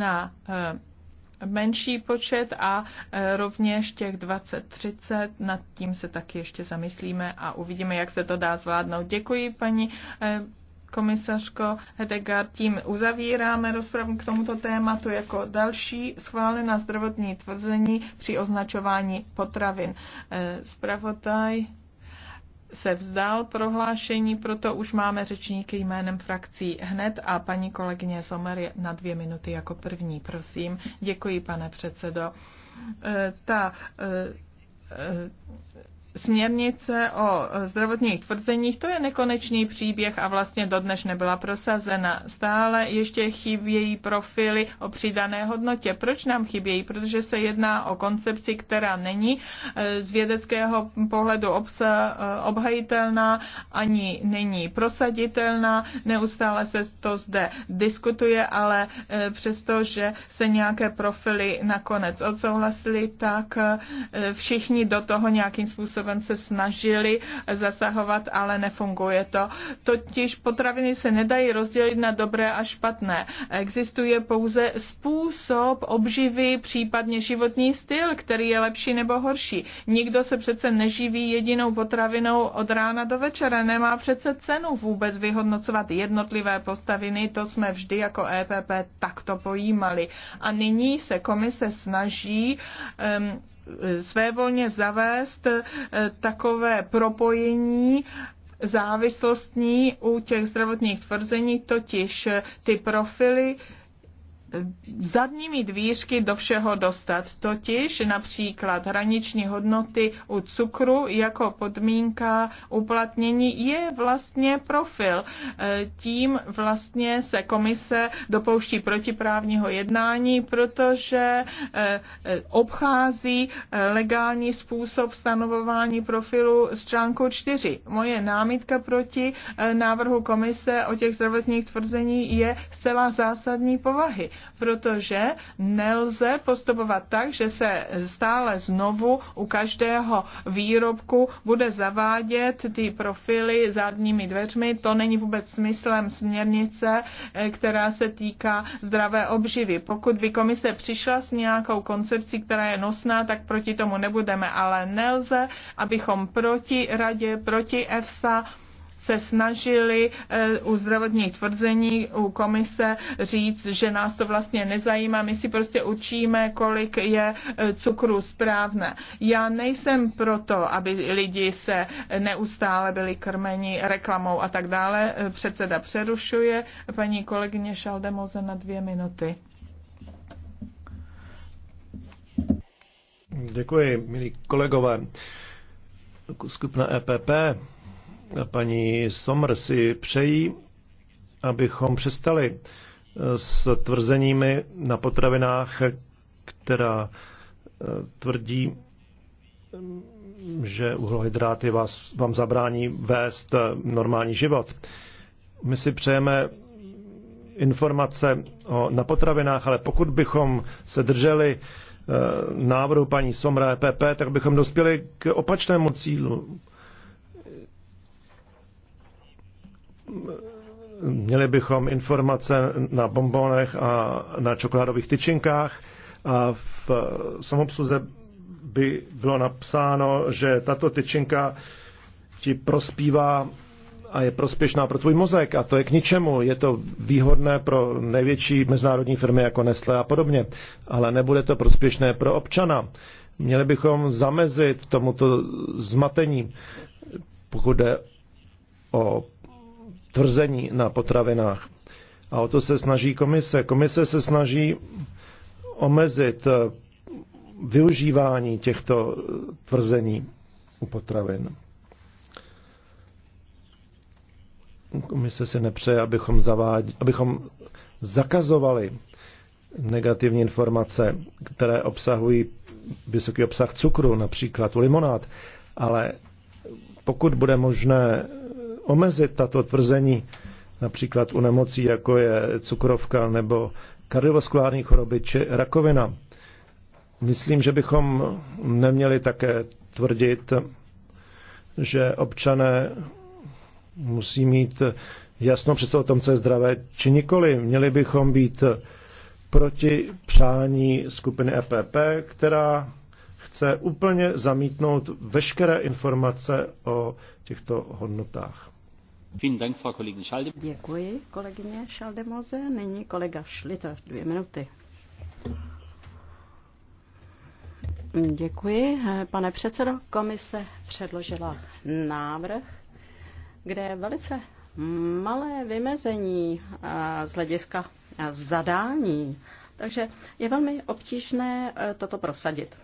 na eh, menší počet a eh, rovněž těch 20-30, nad tím se taky ještě zamyslíme a uvidíme, jak se to dá zvládnout. Děkuji, paní eh, komisařko Hedegar. Tím uzavíráme rozpravu k tomuto tématu jako další schválená zdravotní tvrzení při označování potravin. Spravodaj se vzdal prohlášení, proto už máme řečníky jménem frakcí hned a paní kolegyně Somer na dvě minuty jako první, prosím. Děkuji, pane předsedo. E, ta e, e, směrnice o eh, zdravotních tvrzeních, to je nekonečný příběh a vlastně dodnes nebyla prosazena. Stále ještě chybějí profily o přidané hodnotě. Proč nám chybějí? Protože se jedná o koncepci, která není eh, z vědeckého pohledu obsa, eh, obhajitelná, ani není prosaditelná. Neustále se to zde diskutuje, ale přesto, že se nějaké profily nakonec odsouhlasily, tak všichni do toho nějakým způsobem způsobem se snažili zasahovat, ale nefunguje to. Totiž potraviny se nedají rozdělit na dobré a špatné. Existuje pouze způsob obživy, případně životní styl, který je lepší nebo horší. Nikdo se přece neživí jedinou potravinou od rána do večera. Nemá přece cenu vůbec vyhodnocovat jednotlivé postaviny. To jsme vždy jako EPP takto pojímali. A nyní se komise snaží um, svévolně zavést eh, takové propojení závislostní u těch zdravotních tvrzení, totiž ty profily zadními dvířky do všeho dostat, totiž například hraniční hodnoty u cukru jako podmínka uplatnění je vlastně profil. E, tím vlastně se komise dopouští protiprávního jednání, protože e, e, obchází legální způsob stanovování profilu z článku 4. Moje námitka proti návrhu komise o těch zdravotních tvrzení je zcela zásadní povahy protože nelze postupovat tak, že se stále znovu u každého výrobku bude zavádět ty profily zadními dveřmi. To není vůbec smyslem směrnice, eh, která se týká zdravé obživy. Pokud by komise přišla s nějakou koncepcí, která je nosná, tak proti tomu nebudeme, ale nelze, abychom proti radě, proti EFSA, se snažili eh, u zdravotních tvrzení u komise říct, že nás to vlastně nezajímá, my si prostě učíme, kolik je eh, cukru správné. Já nejsem proto, aby lidi se neustále byli krmeni reklamou a tak dále. Eh, předseda přerušuje paní kolegyně Šaldemoze na dvě minuty. Děkuji, milí kolegové. Skupina EPP paní Somr si přejí, abychom přestali eh, s tvrzeními na potravinách, která eh, tvrdí, mm, že uhlohydráty vás, vám zabrání vést eh, normální život. My si přejeme informace o, na potravinách, ale pokud bychom se drželi návrhu paní Somra EPP, tak bychom dospěli k opačnému cílu Měli bychom informace na bombonech a na čokoládových tyčinkách a v samobsluze by bylo napsáno, že tato tyčinka ti prospívá a je prospěšná pro tvůj mozek a to je k ničemu. Je to výhodné pro největší mezinárodní firmy jako Nestlé a podobně, ale nebude to prospěšné pro občana. Měli bychom zamezit tomuto zmatení, pokud jde o tvrzení na potravinách. A o to se snaží komise. Komise se snaží omezit eh, využívání těchto eh, tvrzení u potravin. Komise si nepřeje, abychom, zavádě, abychom zakazovali negativní informace, které obsahují vysoký obsah cukru, například u limonád, ale pokud bude možné omezit tato tvrzení, například u nemocí, jako je cukrovka nebo kardiovaskulární choroby či rakovina. Myslím, že bychom neměli také tvrdit, že občané musí mít jasno přece o tom, co je zdravé, či nikoli. Měli bychom být proti přání skupiny EPP, která chce úplně zamítnout veškeré informace o těchto hodnotách. Děkuji, kolegyně Šaldemoze. Nyní kolega Šliter, dvě minuty. Děkuji. Pane předsedo, komise předložila návrh, kde je velice malé vymezení eh, z hlediska zadání, takže je velmi obtížné eh, toto prosadit.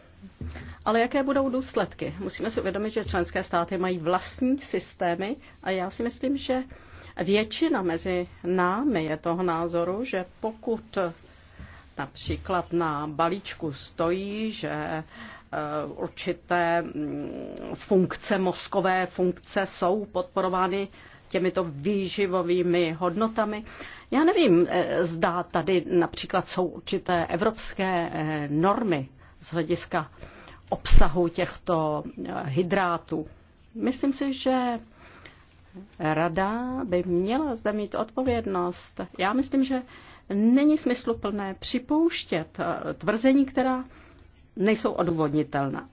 Ale jaké budou důsledky? Musíme si uvědomit, že členské státy mají vlastní systémy a já si myslím, že většina mezi námi je toho názoru, že pokud například na balíčku stojí, že eh, určité mm, funkce, mozkové funkce jsou podporovány těmito výživovými hodnotami. Já nevím, eh, zdá tady například jsou určité evropské eh, normy, z hlediska obsahu těchto eh, hydrátů. Myslím si, že rada by měla zde mít odpovědnost. Já myslím, že není smysluplné připouštět eh, tvrzení, která nejsou odvodnitelná.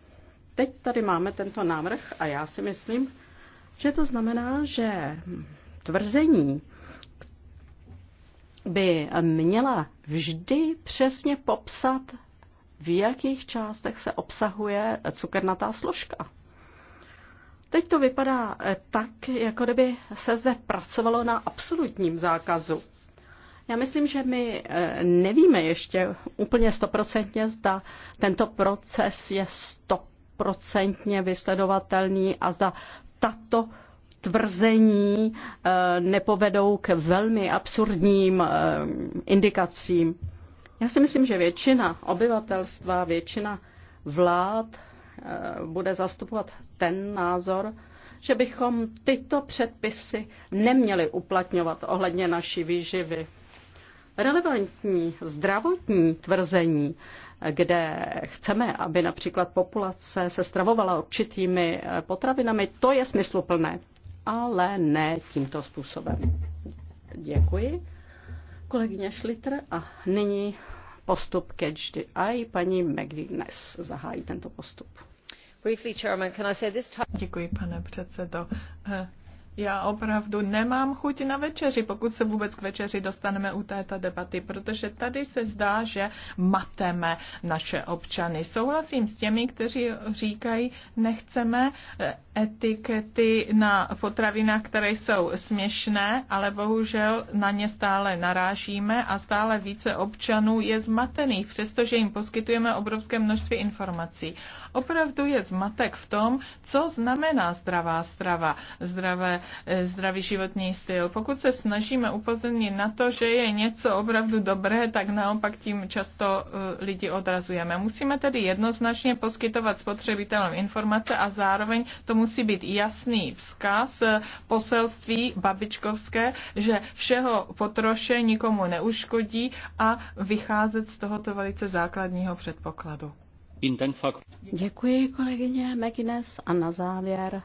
Teď tady máme tento návrh a já si myslím, že to znamená, že tvrzení by měla vždy přesně popsat v jakých částech se obsahuje cukernatá složka. Teď to vypadá eh, tak, jako kdyby se zde pracovalo na absolutním zákazu. Já myslím, že my eh, nevíme ještě úplně stoprocentně, zda tento proces je stoprocentně vysledovatelný a zda tato tvrzení eh, nepovedou k velmi absurdním indikacím. Já si myslím, že většina obyvatelstva, většina vlád eh, bude zastupovat ten názor, že bychom tyto předpisy neměli uplatňovat ohledně naší výživy. Relevantní zdravotní tvrzení, eh, kde chceme, aby například populace se stravovala určitými eh, potravinami, to je smysluplné, ale ne tímto způsobem. Děkuji kolegyně Šlitr a nyní postup Catch the Eye. Paní McGuinness zahájí tento postup. Děkuji, pane předsedo. Já opravdu nemám chuť na večeři, pokud se vůbec k večeři dostaneme u této debaty, protože tady se zdá, že mateme naše občany. Souhlasím s těmi, kteří říkají, nechceme eh, etikety na potravinách, které jsou směšné, ale bohužel na ně stále narážíme a stále více občanů je zmatených, přestože jim poskytujeme obrovské množství informací. Opravdu je zmatek v tom, co znamená zdravá strava, zdravé E, zdravý životní styl. Pokud se snažíme upozornit na to, že je něco opravdu dobré, tak naopak tím často e, lidi odrazujeme. Musíme tedy jednoznačně poskytovat spotřebitelům informace a zároveň to musí být jasný vzkaz e, poselství babičkovské, že všeho potroše nikomu neuškodí a vycházet z tohoto velice základního předpokladu. Děkuji kolegyně Megines a na závěr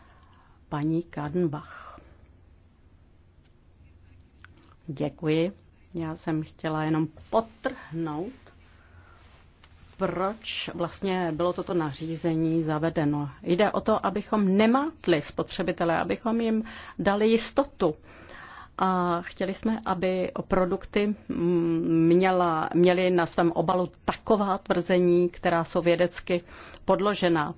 paní Kadenbach. Děkuji. Já jsem chtěla jenom potrhnout, proč vlastně bylo toto nařízení zavedeno. Jde o to, abychom nemátli spotřebitele, abychom jim dali jistotu. A chtěli jsme, aby produkty mm, měla, měly na svém obalu taková tvrzení, která jsou vědecky podložená.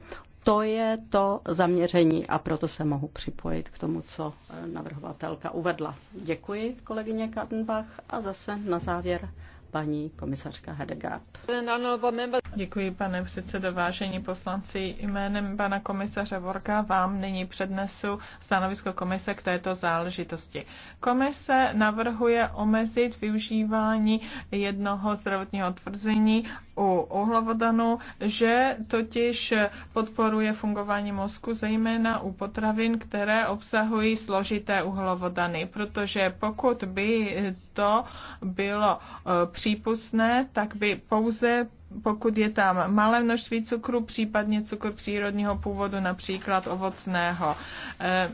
To je to zaměření a proto se mohu připojit k tomu, co navrhovatelka uvedla. Děkuji kolegyně Kardenbach a zase na závěr paní komisařka Hedegaard. Děkuji, pane předsedo, vážení poslanci. Jménem pana komisaře Vorka vám nyní přednesu stanovisko komise k této záležitosti. Komise navrhuje omezit využívání jednoho zdravotního tvrzení u uhlovodanu, že totiž podporuje fungování mozku, zejména u potravin, které obsahují složité uhlovodany, protože pokud by to bylo e, přípustné, tak by pouze pokud je tam malé množství cukru, případně cukr přírodního původu, například ovocného. E,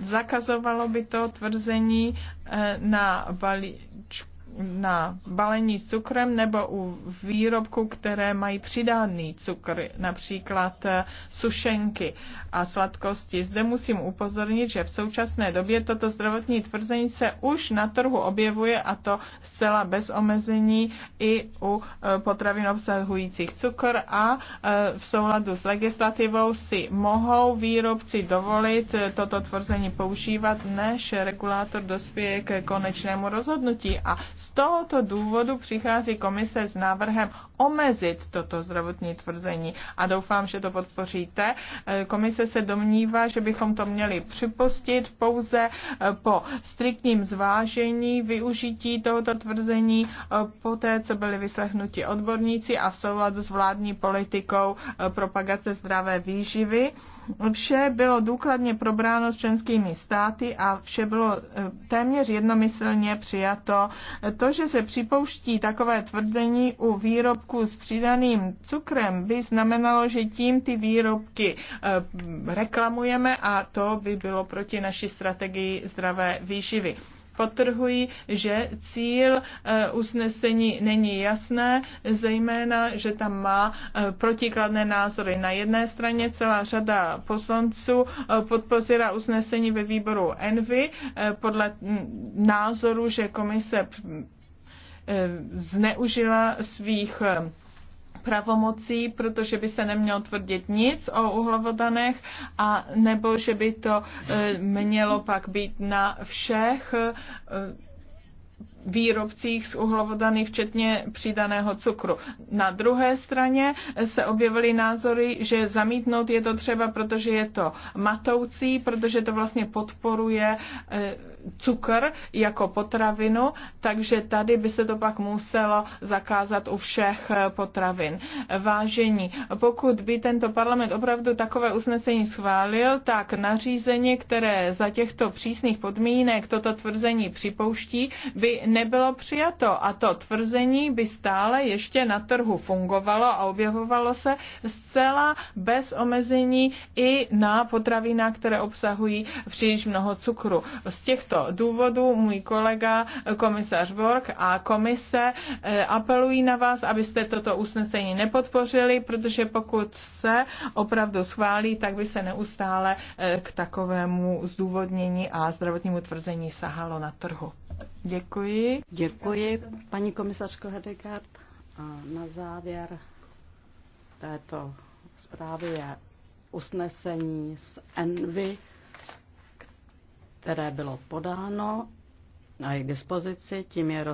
zakazovalo by to tvrzení e, na balíčku na balení cukrem nebo u výrobků, které mají přidáný cukr, například eh, sušenky a sladkosti. Zde musím upozornit, že v současné době toto zdravotní tvrzení se už na trhu objevuje a to zcela bez omezení i u eh, potravin obsahujících cukr a eh, v souladu s legislativou si mohou výrobci dovolit toto tvrzení používat, než regulátor dospěje k konečnému rozhodnutí a z tohoto důvodu přichází komise s návrhem omezit toto zdravotní tvrzení a doufám, že to podpoříte. Eh, komise se domnívá, že bychom to měli připustit pouze eh, po striktním zvážení využití tohoto tvrzení eh, poté, co byly vyslechnuti odborníci a v souladu s vládní politikou propagace zdravé výživy Vše bylo důkladně probráno s členskými státy a vše bylo eh, téměř jednomyslně přijato. To, že se připouští takové tvrzení u výrobku s přidaným cukrem, by znamenalo, že tím ty výrobky eh, reklamujeme a to by bylo proti naší strategii zdravé výživy. Potrhují, že cíl eh, usnesení není jasné, zejména, že tam má eh, protikladné názory. Na jedné straně celá řada poslanců eh, podpořila usnesení ve výboru Envy podle mm, názoru, že komise zneužila svých pravomocí, protože by se nemělo tvrdit nic o uhlovodanech, a nebo že by to eh, mělo pak být na všech eh, výrobcích z uhlovodany, včetně přidaného cukru. Na druhé straně se objevily názory, že zamítnout je to třeba, protože je to matoucí, protože to vlastně podporuje e, cukr jako potravinu, takže tady by se to pak muselo zakázat u všech e, potravin. Vážení, pokud by tento parlament opravdu takové usnesení schválil, tak nařízení, které za těchto přísných podmínek toto tvrzení připouští, by ne nebylo přijato. A to tvrzení by stále ještě na trhu fungovalo a objevovalo se zcela bez omezení i na potravina, které obsahují příliš mnoho cukru. Z těchto důvodů můj kolega komisař Borg a komise eh, apelují na vás, abyste toto usnesení nepodpořili, protože pokud se opravdu schválí, tak by se neustále eh, k takovému zdůvodnění a zdravotnímu tvrzení sahalo na trhu. Děkuji. Děkuji, paní komisařko Hedegard. A na závěr této zprávy je usnesení z Envy, které bylo podáno a je dispozici, tím je roz...